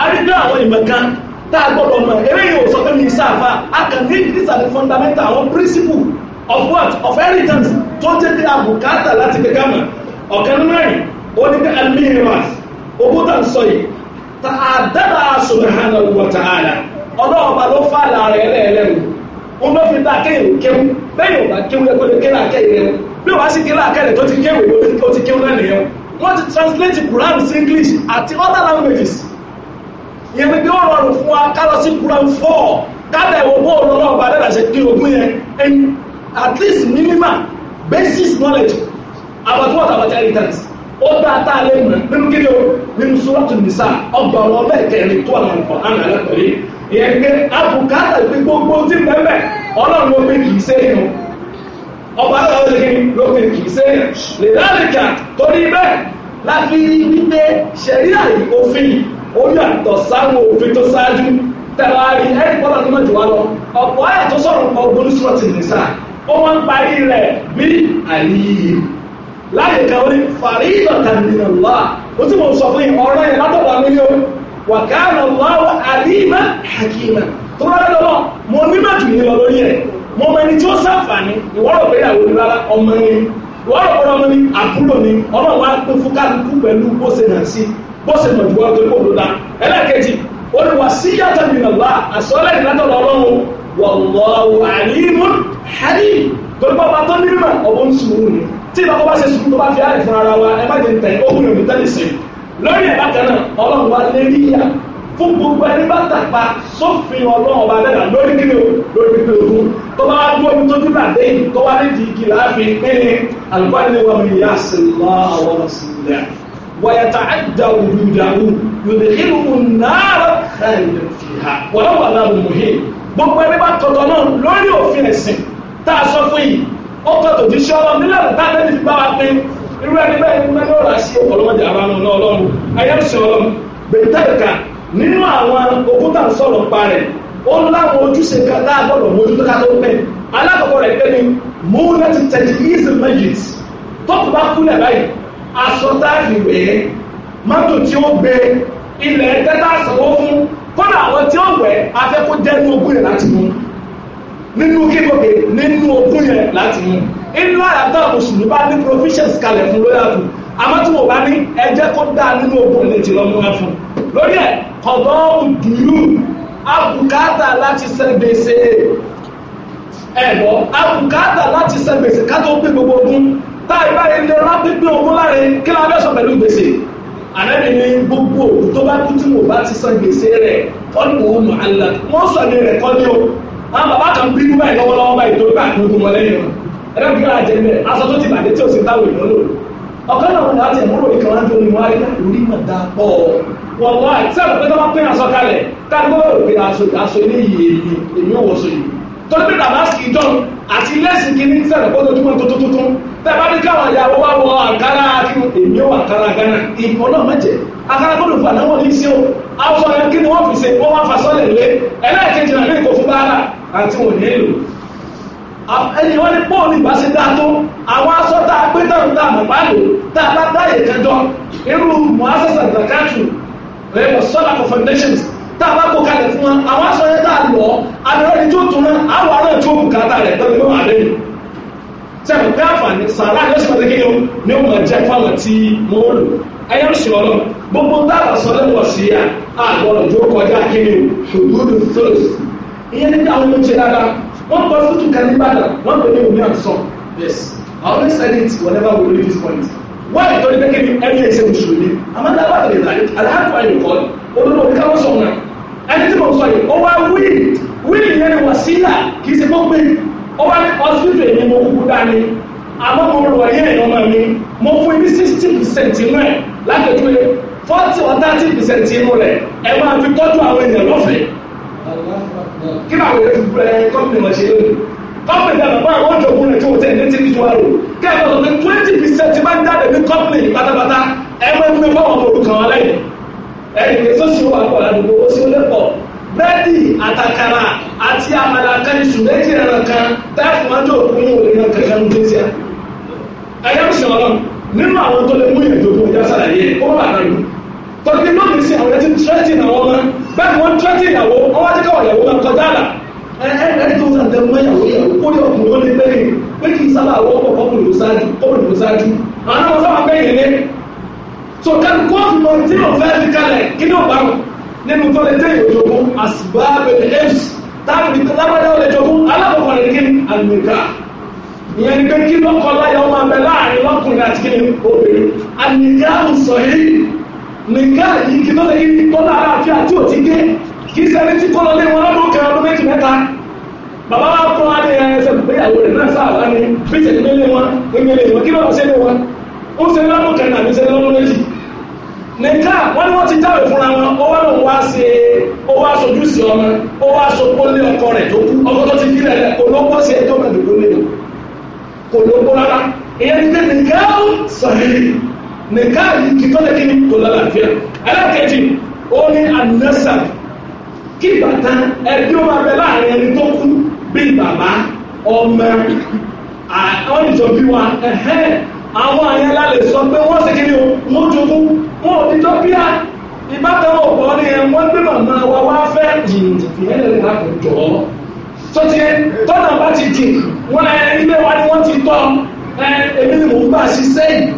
a rí bí àwọn ìmọ̀ kan tá a gbọ́dọ̀ mọ̀ eré yìí ò sọ pé mi sáfà a kàn ní ìdísàlẹ̀ fundamental àwọn principle of what of inheritance tó jẹ́ pé àbùkátà láti gbẹ̀gá mọ̀ ọ̀kan nínú ẹ̀yìn ó ní pé almihimas owó tà ń sọ yìí ta àdára subhanahu wa ta'ala ọlọ́ọ̀bá ló fà láàrin ẹlẹ́ẹ̀lẹ́nu wọn bá fi dá kéwù kéwù bẹ́ẹ̀ yóò bá kéwù lẹ́kọ̀ọ́ kéwù àkẹ́yẹ rẹ bí wàá sì kéwù àkẹ́yẹ tó ti kéwù ó ti kéwù lẹ́nu yẹn wọ́n ti translate Quran sí English àti other languages yẹn bí ó rọrùn fún wa ká lọ sí Quran four kábẹ̀ ògbó ọlọ́ọ̀bá lẹ́dàá ṣe kí ogún yẹn at least minimum basic knowledge about what about inheritance ó dá tá a lè mọ̀ nínú kíni o nínú sọ́rọ́tù nìsá ọgbà ọ̀rọ̀ bẹ́ẹ̀ kẹrin tó àwọn ọ̀pọ̀ àmì alákọ̀ọ́lẹ̀ ìyẹn pé abùkátà pé gbogbo tí bẹ́ẹ̀ ọlọ́run ló pé kì í sẹ́yìn o ọba aláwọ̀ lè kí ló pé kì í sẹ́yìn lè láríkà torí bẹ́ẹ̀ láti wípé ṣẹ̀ríà òfin ó yàtọ̀ sáwọn òfin tó ṣáájú tẹ̀wárí ẹ̀rí pọ́lá tó mẹ́jọ wá lọ ọ̀pọ̀ ó wọ́n ń parí rẹ̀ bí àníyí láyé kan ó ní fàrí ìdọ̀tàn nínú lọ ó tí mo sọ fún yìí ọ̀rọ̀ yẹn látọ̀dọ̀ mi yóò wà káàrọ̀ lọ́wọ́ àdìmọ́ àkìmọ̀ tó rárá lọ́wọ́ mo ní má jù yín lọ lórí ẹ̀ mo mọ ẹni tí ó sàǹfààní ìwọ́rọ̀ pé ìyàwó ni rárá ọmọ ẹni ìwọ́rọ̀ pé ọmọ ni àbúrò ni ọlọ́run wá pín fún kálukú pẹ̀lú bó ṣe nà sí bó ṣe nà jùlọ tó kò lóla ẹlẹ́kẹ̀jì ó ní wà sí yàtọ̀ nínú lọ àsọ́lẹ̀ àlímú hàní gbogbo ọba tó ní mímọ̀ ọ̀bọ̀ ń sùn òun ni tí ìbá kọ́ bá ṣe sùn tó bá fi ààrẹ fún ara wa ẹ má jẹ nìtẹ̀ òun ni òmìtẹ́ lè ṣe lórí ẹ̀ bákan náà ọlọ́run wa lé ní ìyá fún gbogbo ẹni bá tàpá sófin ọlọ́run ọba dẹ́gbà lórí kí ni o lórí kí ni o fún tó bá wá dúró tó dúró àdé yìí tó wá lè di igi láàfin pínlẹ̀ alùpàdé wa mi yá sí lọ́ àwọn ọ̀sìn rẹ̀ wàyàtà àjà òdùdàwù yòdìhìrù nàárọ̀ ẹ̀ lè fi hà wọ́n wà láàbù mùhìn gbogbo ẹni bá tọ̀tọ̀ náà lórí òfin tá a sọ fún yìí ó kọ́ tòjú sí ọlọ́run nílẹ̀ tá a tẹ́lẹ̀ fi bá wa pé irú ẹni bẹ́ẹ̀ ni mẹ́lẹ́ ọ̀rọ̀ àṣì ọ̀pọ̀lọpọ̀ ara nù náà ọlọ́run ayẹ́sì ọlọ́run gbẹ̀tẹ̀ẹ̀ka nínú àwọn òkúta sọ̀rọ̀ pa rẹ̀ ó láwọn ojúṣe kan tá a gbọ́dọ̀ mójú tó ká tó pẹ́ alákọ̀ọ́kọ́ rẹ̀ pé ni múlá ti tẹ̀jú easy magic tọ́pù bá kúlẹ̀ báyìí aṣọ táàgì rèé mọ́tò tí ó gbé ilẹ̀ tẹ́tà sanwó fún kọ́nà àwọn tí ó wẹ̀ afẹ́kọ́ jẹ́ ní ogún rẹ̀ láti mú nínú kékòkè nínú ogún yẹn láti mú inú àyàtọ̀ mùsùlùmí bá ní provisions kalẹ̀ fún lóyà fún àmọ́ tí mo bá ní ẹjẹ́ kó dá nínú ogún ilé ti lọ́mú ẹ fún lórí ẹ̀ kọ̀dọ̀ òdùlù abùkátà láti ṣe gbèsè ẹ̀bọ̀ abùkátà láti ṣe gbèsè kátó pé gbogbo ogún táà ìbáyé lè rán pípín ogún láàrin kí lóò abẹ́sọ̀ pẹ̀lú gbèsè àlẹ́ni ní gbogbo òkú tó bá kú tí mo bá ti san gbèsè rẹ̀ kọ́ni òun mọ̀ àlá wọ́n sọ ní rẹ̀ kọ́ni o àwọn ah, bàbá kan bínú báyìí lọ́wọ́lọ́wọ́ báyìí tó gbà tó dùn mọ́lẹ́yìn wọn ẹ̀rọ kí láàjẹ bẹ́ẹ̀ aṣọ tó ti bàjẹ́ tí ò sí táwọn èèyàn lò ọ̀kan náà wọn láti ẹ̀múrò ìkan wá dún ní wọn àríkà lórí mọ̀ dá pọ̀ wọn wá ìtẹ́lẹ̀ pé tó máa pín aṣọ kalẹ̀ káàdó òwe aṣọ aṣọ eléyìí èmi èmi ò wọṣọ yìí torí pé dàmásì ìdán àti lẹ́sìn kìíní sẹ̀rẹ̀ kó lójúmọ́ tó tuntun tẹ́ bá ní káwọn ìyàwó wá wọ àǹkárá akínú èmi ò àǹkárá gánà ìkọ náà mẹ́jẹ̀ àǹkárá gbọ́dọ̀ fún àdáwọ̀ ní sí o àwọn ọmọ yẹn kí ni wọ́n fi ṣe wọ́n wá fa sọ́lẹ̀ lé ẹlẹ́ẹ̀kejì náà ní ìkó fún báárà àti wọn nílò ẹni wọ́n ní pọ́ọ̀lù ìbáṣe dáa tó àwọn aṣọ tá a gbé tẹ̀rù tá a mọ̀ máa lò tá a bá dáyè kẹjọ irú muhassasa zakatu rẹ wọ sọlá for foundations tá a bá kó kalẹ̀ fún wa àwọn aṣọ yẹn tá a lọ àdúrà ni tó tún náà àwọn ará ìjọ bùkátà rẹ pẹ̀lú ní wàá lẹ́yìn sẹ́yìn pé àǹfààní sàrà yóò sì máa dékè yóò ní o máa jẹ́ fáwọn tí mo lò ẹyẹ ń sọ ọlọ́run gbogbo dáàbà sọ lẹ́nu ọ̀sìn yà á gbọ́dọ̀ tó kọjá kí ni o ṣòdúdú tó ìyẹn nígbà àwọn ohun ṣe dáadáa wọ́n kọ́ sùtù kan ní Ìbàdàn wọ́n pè ní omi and sun yes I always said it whenever we reach this point wọ́n ìtọ́jú pẹ́kẹ́ ní ẹni ẹ̀ṣẹ́ mùsùlùmí àmọ́tá wà lè láyé aláàbọ̀ ẹ̀yìn kọ́ olórí òní káwọ́ sọ̀rọ̀ náà ẹni tí mo sọ yìí ó wá wíìlì wíìlì yẹn ni wàsílà kì í ṣe kó pé ó wá ní hospital èmi mo kúkú dání àmọ́ mo rọ̀ yẹ́ ẹ̀yọ́ máa mi mo fún ní sixty percent inú ẹ̀ lápẹ̀túwe forty or thirty percent inú rẹ̀ ẹ̀ máa fi tọ́jú àwọn èèyàn lọ́fẹ̀ẹ́ kí ni àwọn èèyàn ti ẹ kọ́mpìnì wọn ṣe é lónìí kọ́mpìnì náà bá àwọn ọjọ́ òun rẹ̀ tí wọ́n tẹ̀ ní ti fi wá rò kí ẹ̀ pé twenty percent máa ń jáde ní kọ́mpìnì pátápátá ẹ máa ń fi bá wọn orúkọ wọn lẹ́yìn ẹ̀yìn tó sì wà pọ̀ àdúgbò ó sì lẹ́pọ̀ bẹ́ẹ̀dì àtàkàrà àti àmàlà kan iṣu méjì ẹran kan táàfù wọn jọ òkú ní òwe náà kankan ní tẹ́síà ẹ̀yẹ́ mi sọ̀rọ̀ nínú àwọn tó lè mú ìrìnàjò tó kọjá sàlàyé ó wà náà tọ́kí lónìí sí àwọn ẹtí tírẹ́tì ìnáwó mọ́ bẹ́ẹ̀ ni wọ́n tírẹ́tì ìnáwó ọwọ́ tí káwọn ìyàwó máa kọjá àlà ẹni tó ń sàn mọ́ ìyàwó yẹn kó ní ọkùnrin ó lé lẹ́yìn pé kì í sábà wọ́ ọkọ̀ ọkùnrin ló ṣáájú ọkùnrin ló ṣáájú so kẹ́ni kóòtù lọ tí mo fẹ́ fi kalẹ̀ kí ni ìyẹn ni kí lọ́kọ̀ọ́ láyọ̀ ọmọ abẹ láàrin lọ́kùnrin àti kí ni obìnrin àlùmíkà sọ yìí nìkan yìí kí lọ́lẹ̀ yìí tọ́lá ara àti àti òtí dé kí sẹ́ni tí kọ́ lọ́lé wọn lọ́dún kan ọdún méjì mẹ́ta bàbá wa kọ́ adé ẹsẹ̀ ìgbéyàwó rẹ̀ náà sáà wá ní bíṣẹ̀ nílé wọn nílé wọn kí lọ́wọ́ sẹ́lé wọn ó ṣe lọ́dún kan àbí ṣe lọ́dún méjì nìkan wọn ni wọ́n ti jáwé fúnra wọn ó wá lóun wá ṣe ó wá sojú sí ọmọ ó wá so pólé ọkọ rẹ̀ tó kú ọkọ tó ti nìkan yìí kí tọ́lẹ̀ kí ni kò lálàáfíà alákẹ́jì ó ní anasa kí bàtà ẹbí ó máa bẹ láàrin ẹni tó kú bí bàbá ọmọ àwọn ìjọbí wa àwọn àyẹn lálẹ́ sọ pé wọ́n sì kí ni wọ́n jogún wọn ò ní dọ́bíà ìbátan ọ̀pọ̀ ni wọ́n gbé màmá wa wá fẹ́ jìnnìjìnnì ẹ̀rẹ́ lákòójọ́ tó ti tọ́nà bá ti jìn wọ́n ẹ̀ ilé wa ni wọ́n ti tọ́ ẹ̀ èmi ni mò ń gbà ṣiṣẹ́ yìí.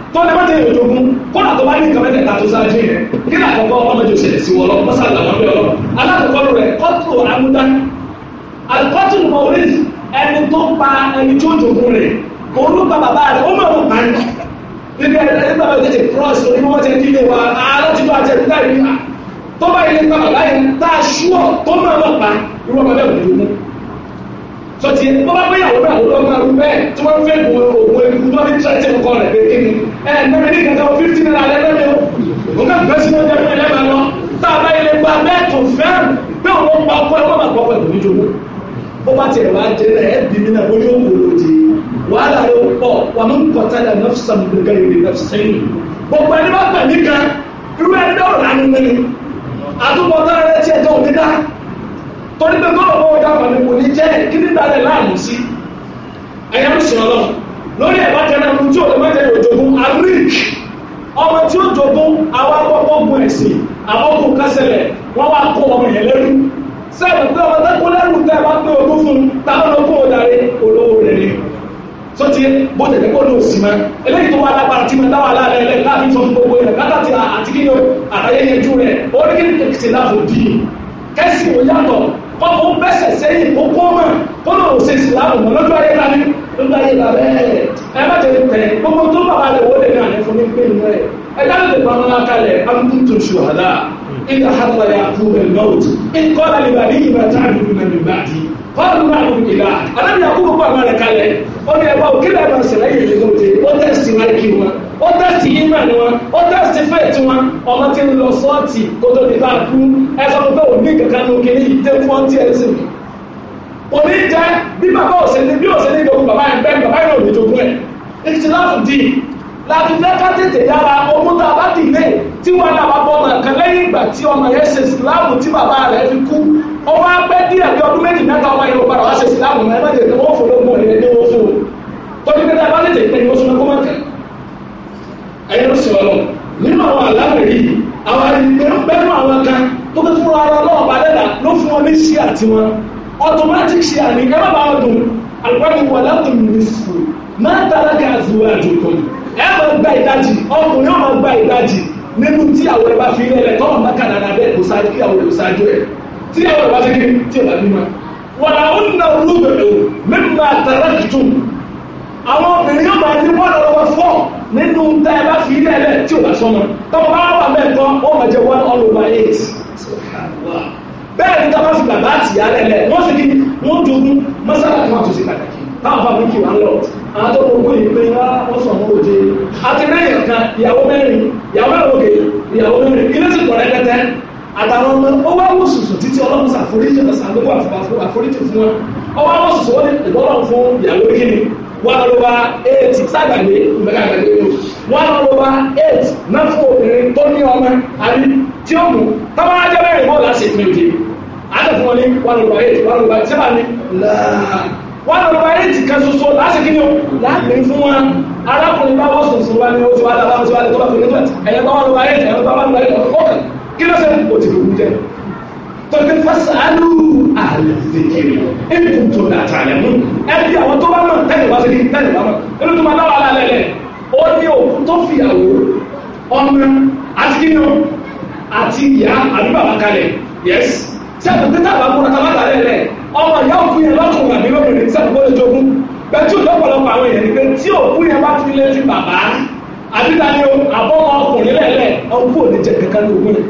tó lè mọ́tẹ́ ìròjògún kọ́nà tó bá ní nǹkan mẹ́tẹ̀ẹ̀ta tó sáájú yẹn kí ni àkọ́kọ́ ọmọdé òṣèlẹ̀ sí wọlọ́ mọ́sálà lọ́dọ̀ ọlọ́ alákọ̀ọ́kọ́ rẹ̀ kọ́tù amúdá alikọ́tù mọ̀ọ́rẹ́sì ẹni tó pa ẹni tó jòkun rẹ̀ olùkọ́ bàbá rẹ̀ ó mọ̀ọ́ pa ní. níbi ẹni bàbá yìí tètè cross lórí wọ́n ti dílé wa aláti bá tẹ̀ nígbà tó bá yẹ sọtì bó bá gbéyàwó náà ló lọ́ọ́ máa rú bẹ́ẹ̀ tí wọ́n fẹ́ bu òògùn ebi tó ní tẹ́tí nǹkan rẹ̀ pé kíni ẹ mẹ́rin ní kankan wọ fífi náírà rẹ lẹ́nu o nǹkan gbèsè náà jẹ́ fún ẹlẹ́mà lọ tá a bá ilé gba bẹ́ẹ̀ tó fẹ́ pé òun pa ọkọ ẹ wọ́n máa gbọ́ pẹ̀lú níjogún bó bá tiẹ̀ wá jẹ́ ẹ bí mi náà wọ́n yóò wò ló di wàhálà rẹ pọ̀ wà mú kọ́tàlá nọ́fṣàmù torí pé dàgbà ni kò ní jẹ́ kí ní dalẹ̀ láàmú sí ẹ̀yà ń sìn ọlọ́run lórí ẹ̀bá ọdún tí òun mẹ́tẹ̀ yóò jogún ọmọ tí ó jogún àwọn akọ́kọ́ gun ẹ̀sìn àwọn kásẹ̀lẹ̀ wọ́n wá kó ọmọ yẹn lẹ́rú sẹ́ẹ̀bù pé ọmọ tẹ́kọ́ lẹ́rù tẹ́ bá pé ogún fún táwọn olókùn ọ̀dàrí olówó rẹ̀ ni tó ti bó tẹ̀lé kó ló sì mọ́ eléyìí tó wà lágbára tí mo dá wà láàrin ẹlẹ́ láti fún gbogbo rẹ̀ kátàtì àti kíni àtàyẹyẹ ju rẹ̀ orí kí ni kìtìláfò dì í kẹ́sì ò yàtọ̀ kọ́mọ ń bẹ́sẹ̀ sẹ́yìn kó kó mọ̀ kó lóò ṣe ìsìlámù mọ́ lójú ayé la ní lójú ayé la bẹ́ẹ̀ ẹ má tẹ̀lé tẹ̀ gbogbo tó bàbá rẹ̀ wọlé náà ní fún mi pé nù rẹ̀ ẹ dáná lè pa máa kalẹ̀ amúntò ṣùhàdà ìgbà hàtà yà kú rẹ̀ nọ́ọ̀tù ìkọ́lá ìbàdí ìbàdí àdúgbò náà ìbàdí kọ́lá ìbàdí ìlà ó ní ẹgbẹ́ òkè lẹ́nu ọ̀sẹ̀ lẹ́yìn ìdílé òde ó tẹ̀sí wọn kí wọn ó tẹ̀sí iman wọn ó tẹ̀sí faith wọn ọmọ tí ń lọ sọ́ọ̀tì kó tó di bá a kú ẹ sọ pé òní kankan ló kéré yìí tẹ́ fún ọtí ẹ̀sìn mi òní jẹ́ bí bàbá òsèlè bí òsèlè ìdókun bàbá ẹ̀ bẹ́ẹ̀ bàbá ẹ̀ òní dogun ẹ̀ ètùtù láti di láti fẹ́ ká tètè yára ogún tá a bá dìde tí wọn náà bá bọ ọmọ kan lẹ́yìn ìgbà tí ọmọ yẹn ṣe ìsìláàmù tí bàbá rẹ̀ fi kú ọmọ apẹ́ díẹ̀ bí ọdún méjì mẹ́ta ọmọ yẹn ò padà wá ṣe ìsìláàmù mẹ́rin mẹ́rin ẹ̀ wọ́n fòló pẹ́tà bá lè tẹ̀pẹ́ ni ó súnmọ́ kó má kà ẹ̀yẹ́ ló sì wà lọ nínú àwọn àlámẹ̀rí àwọn ènìyàn bẹ́nu àwọn kan tó kẹ́ fún ara lọ́wọ́ bá dẹ́dà ló fún wọn ní ṣíà tiwọn automatic ṣíà ní ẹ má bá wọn dùn àlùbáyé wà látùn nìṣù máa tara ká àzùwà àjòkòyì ẹ máa gba ìdajì ọkùnrin ọmọ gba ìdajì nínú tí àwọn ẹ bá fi ilé rẹ tọ́wọ́n bá kàdà lábẹ́ kò sáájú kí àwọn ẹ sáájú ẹ tí àwọn ẹ bá fi kí tí ẹ bá bí ma. wàlà ó nà rúbẹ̀rù mímú àwọn obìnrin yóò máa ní one over four nínú tá ẹ bá fi ilé ẹlẹ tí ò bá sọmọ tọmọ bá wà bẹ́ẹ̀ tán ó máa jẹ one all over eight bẹ́ẹ̀ ni tábà fi bàbá àti ìyá lẹlẹ wọn sì kí wọn jogún mọ́sálà kan àtúnṣe pàtàkì táwọn bá mi kí wọn lọ àwọn tó gbogbo yìí pé ah, wọn sọ wọn òde àti mẹ́rin kan ìyàwó mẹ́rin ìyàwó mẹ́rin òkè ìyàwó mẹ́rin ilé sì pọ̀ rẹ́kẹ́tẹ́ àtàwọn ọmọ ó wá wò sùsù títí ọlọ́run sàforíjì ọ̀sán ló wà fún àforíjì fún wọn ó wá wò sùsù wọn ìbọ́lọ̀ fún ìyàwó kíni one over eight sàgbàgbé ìgbàgbàgbé ló one over eight náà fún obìnrin tó ní ọmọ àbí tí ó mú táwọn ajá mẹ́rin bọ́ọ̀lù àti ìpín òde àtẹ fún wọn ní one over eight one over seven ní one over eight kan ṣoṣo lásìkí ni ó láàbìn fún wọn arákùnrin bá wọ́n sùn sùn wá ní oṣù wàdà láwọn oṣù wàdà tó bá fi ní tó ẹ̀yẹ bá one over eight ẹ̀yẹ bá one over eight ọ̀kọ̀ọ̀kan kí ló ṣe kò tìlú jẹ tọ́jú fásánù àlùfẹ́kẹ̀rẹ̀ ẹ̀kùn tó dàtà lẹ́mú ẹbí àwọn tó bá mọ̀ tẹ́lẹ̀ wá sí ní tẹ́lẹ̀ wá mọ̀ nínú tó máa dáwà alẹ́ lẹ̀ ó ní òkú tó fìyàwó ọmọ àti kíni àti ìyá àdúgbò àwọn kalẹ̀ yẹs tí a tètè tàbá kúrò tàbá tàlẹ̀ lẹ̀ ọmọ ìyá òkú yẹn lọ́kùnrin àbí lóbìnrin tí a tètè bọ́lẹ̀ jogún bẹ́ẹ̀ tí òjọ́pọ̀lọpọ̀ àwọn èèyàn ni pé tí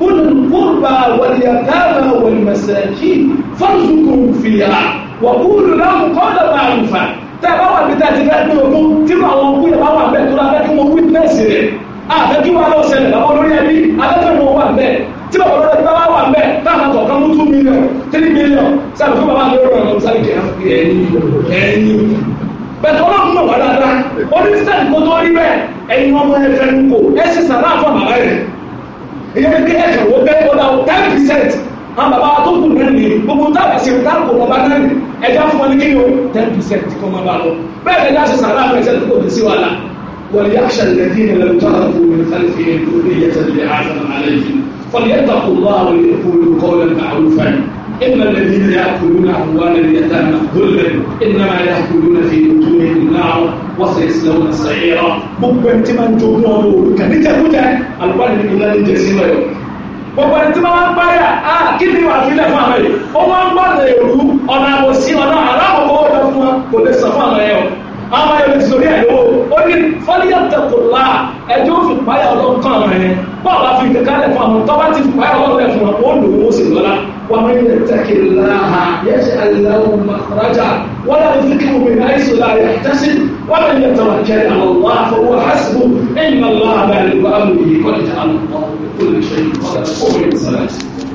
أولي القربى واليتامى والمساكين فارزقهم فيها وقولوا لهم قولا معروفا tẹ ẹ bá wà níta ti fẹ́ pín ogún tí mo àwọn ogún yẹn bá wà bẹ́ẹ̀ tó la fẹ́ kí mo witness rẹ̀ àfẹ́ kí wàá lọ ṣẹlẹ̀ bàbá olórí ẹbí afẹ́fẹ́ mo wà bẹ́ẹ̀ tí bàbá olórí ẹbí bá wà bẹ́ẹ̀ táwọn kọ̀ọ̀kan mú two million three million sábà fún bàbá mi rọrùn ọ̀hún sáré kìí fi ẹyin ẹyin bẹ̀tẹ̀ ọlọ́run mọ̀ wá dáadáa oníṣẹ́ ìkótó rí bẹ́ẹ̀ ẹ̀yin ọmọ ẹ̀fẹ́ ń kò ẹ̀ sì sàrà fún bàbá rẹ̀ èyí ti ní ẹ̀jẹ̀ wo bẹ́ẹ̀ kọ́ náà ten percent àwọn bàbá wa tó kù náà nìyí gbogbo tá a bẹ̀ sí ní táàkù bàbá náà nì ẹ̀jẹ̀ fún wọn ní kí ni o ten percent kọ́ máa bá lọ bẹ́ẹ̀ ni ẹ̀jẹ̀ àṣẹ sàrà àwọn ẹ̀jẹ̀ tó kò sí wàhálà wọ́n yà àṣà lẹ́dínì lẹ́nu tó àwọn ọmọ ìfàlẹ́ fi ẹ̀dùn ní ẹ̀jẹ̀ lẹ́ إن الذين يأكلون أموال اليتامى ظلما إنما يأكلون في بطونهم نارا وسيصلون سعيرا gbogbo ẹni tí máa ń jogún ọmọ òru kàbí jẹkújẹ alùpàdé nínú náà ní jẹsí lọ yọ gbogbo ẹni tí máa ń parí à kí ni wàá fílẹ̀ fún àmọ́ yìí ó máa ń gbọ́dọ̀ èrú ọ̀nà àbòsí ọ̀nà aláàbò ọ̀dọ̀ fún wa kò lè sọ fún àmọ́ yẹn o àmọ́ yẹn lè sọ̀rí ẹ̀ lọ́wọ́ ó ní fọ́líyà tẹ̀kùlá ẹjọ́ ó fi páyà ọlọ́run kan àmọ́ yẹn bọ́ọ̀lá fi ìtẹ̀kálẹ̀ fún àmọ́ tọ́ bá ti fi páyà ọlọ́run ومن يتق الله يجعل له مخرجا ولا يدركه من حيث لا يحتسب ومن يتوكل على الله فهو حسبه ان الله بالغ امره قد جعل الله بكل شيء قدرا قوم صلاته